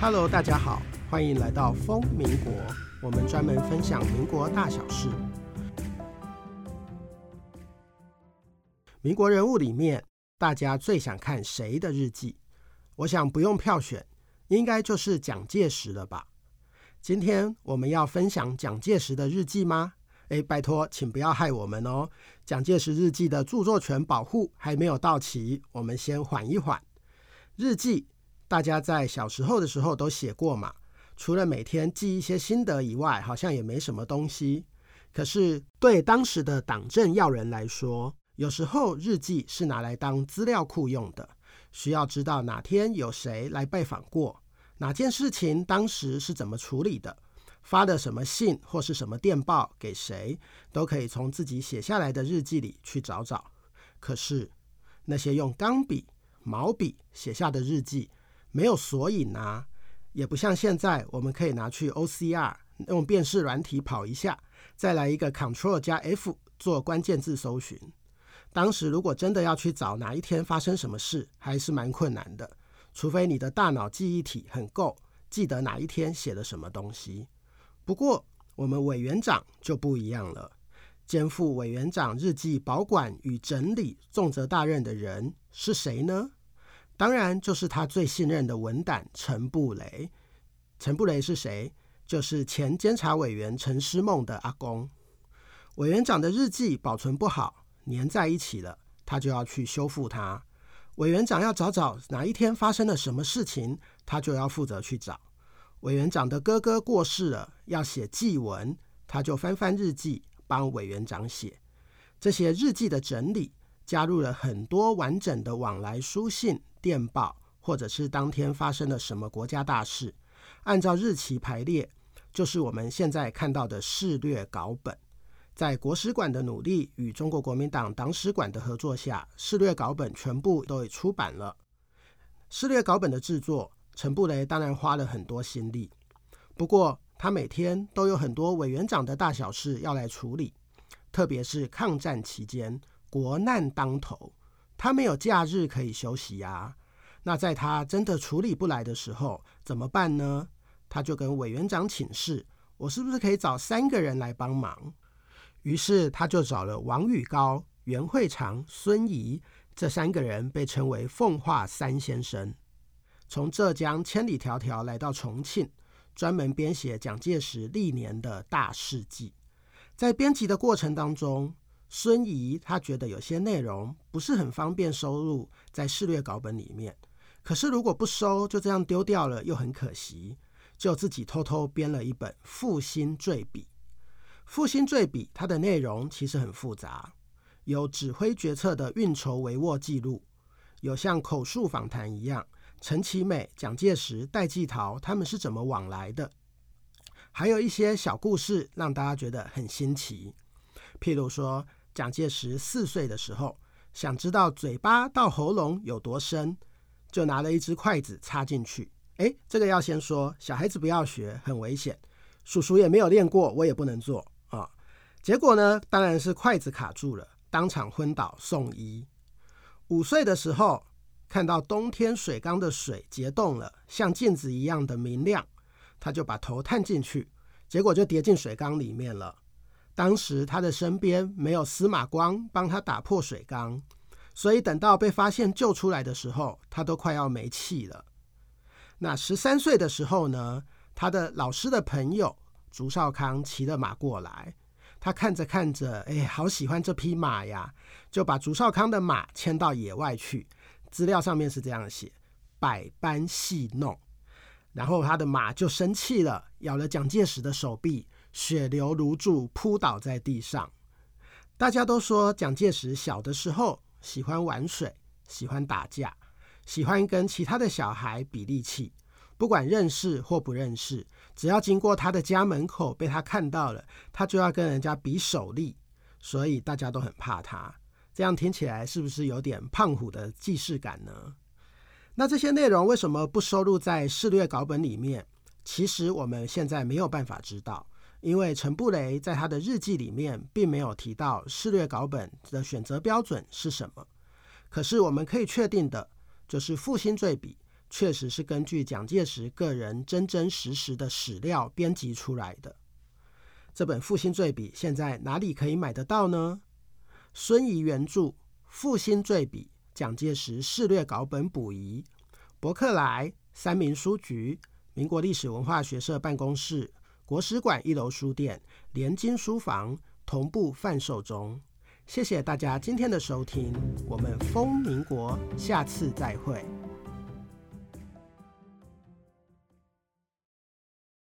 Hello，大家好，歡迎來到瘋民國。我們專門分享民國大小事。民國人物裡面，大家最想看誰的日記？我想不用票選，應該就是蔣介石了吧？今天我們要分享蔣介石的日記嗎？哎，拜托，請不要害我們哦！蔣介石日記的著作權保護還沒有到期，我們先緩一緩。日記。大家在小時候的時候都寫過嘛，除了每天記一些心得以外，好像也沒什麼東西。可是對當時的黨政要人來說，有時候日記是拿來當資料庫用的，需要知道哪天有誰來拜訪過，哪件事情當時是怎麼處理的，發的什麼信或是什麼電報給誰，都可以從自己寫下來的日記裡去找找。可是那些用鋼筆、毛筆寫下的日記，沒有索引吶、啊，也不像現在，我們可以拿去 OCR，用辨識軟體跑一下，再來一個 Ctrl 加 F 做關鍵字搜尋。當時如果真的要去找哪一天發生什麼事，還是蠻困難的，除非你的大腦記憶體很夠，記得哪一天寫了什麼東西。不過我們委員長就不一樣了，肩負委員長日記保管與整理重責大任的人是誰呢？當然，就是他最信任的文膽陳布雷。陳布雷是誰？就是前監察委員陳師孟的阿公。委員長的日記保存不好，粘在一起了，他就要去修復它。委員長要找找哪一天發生了什麼事情，他就要負責去找。委員長的哥哥過世了，要寫祭文，他就翻翻日記，幫委員長寫。這些日記的整理，加入了很多完整的往來書信。電報，或者是當天發生了什麼國家大事，按照日期排列，就是我們現在看到的《事略稿本》。在國史館的努力與中國國民黨黨史館的合作下，《事略稿本》全部都已出版了。《事略稿本》的制作，陳布雷當然花了很多心力。不過，他每天都有很多委員長的大小事要來處理，特別是抗戰期間，國難當頭。他沒有假日可以休息呀、啊。那在他真的處理不來的時候，怎麼辦呢？他就跟委員長請示：“我是不是可以找三個人來幫忙？”於是他就找了王宇高、袁惠常、孫怡這三個人，被稱為“奉化三先生”，從浙江千里迢迢來到重慶，專門編寫蔣介石歷年的大事記。在編輯的過程當中，孫怡他覺得有些內容不是很方便收入在事略稿本裡面，可是如果不收就這樣丟掉了又很可惜，就自己偷偷編了一本《復興贅筆》。《復興贅筆》它的內容其實很複雜，有指揮決策的運籌帷幄記錄，有像口述訪談一樣，陳其美、蔣介石、戴季陶他們是怎麼往來的，還有一些小故事讓大家覺得很新奇，譬如說。蔣介石四歲的時候，想知道嘴巴到喉嚨有多深，就拿了一只筷子插進去。誒，這個要先說，小孩子不要學，很危險。叔叔也沒有練過，我也不能做啊。結果呢，當然是筷子卡住了，當場昏倒送醫。五歲的時候，看到冬天水缸的水結凍了，像鏡子一樣的明亮，他就把頭探進去，結果就跌進水缸裡面了。當時他的身邊沒有司馬光幫他打破水缸，所以等到被發現救出來的時候，他都快要沒氣了。那十三歲的時候呢，他的老師的朋友朱少康騎了馬過來，他看着看着，哎，好喜歡這匹馬呀，就把朱少康的馬牽到野外去。資料上面是這樣寫：百般戲弄，然後他的馬就生氣了，咬了蔣介石的手臂。血流如注，撲倒在地上。大家都說蔣介石小的時候喜歡玩水，喜歡打架，喜歡跟其他的小孩比力氣。不管認識或不認識，只要經過他的家門口被他看到了，他就要跟人家比手力，所以大家都很怕他。這樣聽起來是不是有點胖虎的既視感呢？那這些內容為什麼不收錄在《事略稿本》裡面？其實我們現在沒有辦法知道。因為陳布雷在他的日記裡面並沒有提到事略稿本的選擇標準是什麼，可是我們可以確定的就是《復興贅筆》確實是根據蔣介石個人真真實實的史料編輯出來的。這本《復興贅筆》現在哪裡可以買得到呢？孫怡原著《復興贅筆》，蔣介石事略稿本補遺，博客來三民書局，民國歷史文化學社辦公室。國史館一樓書店聯經書房同步販售中。謝謝大家今天的收聽，我們瘋民國下次再會。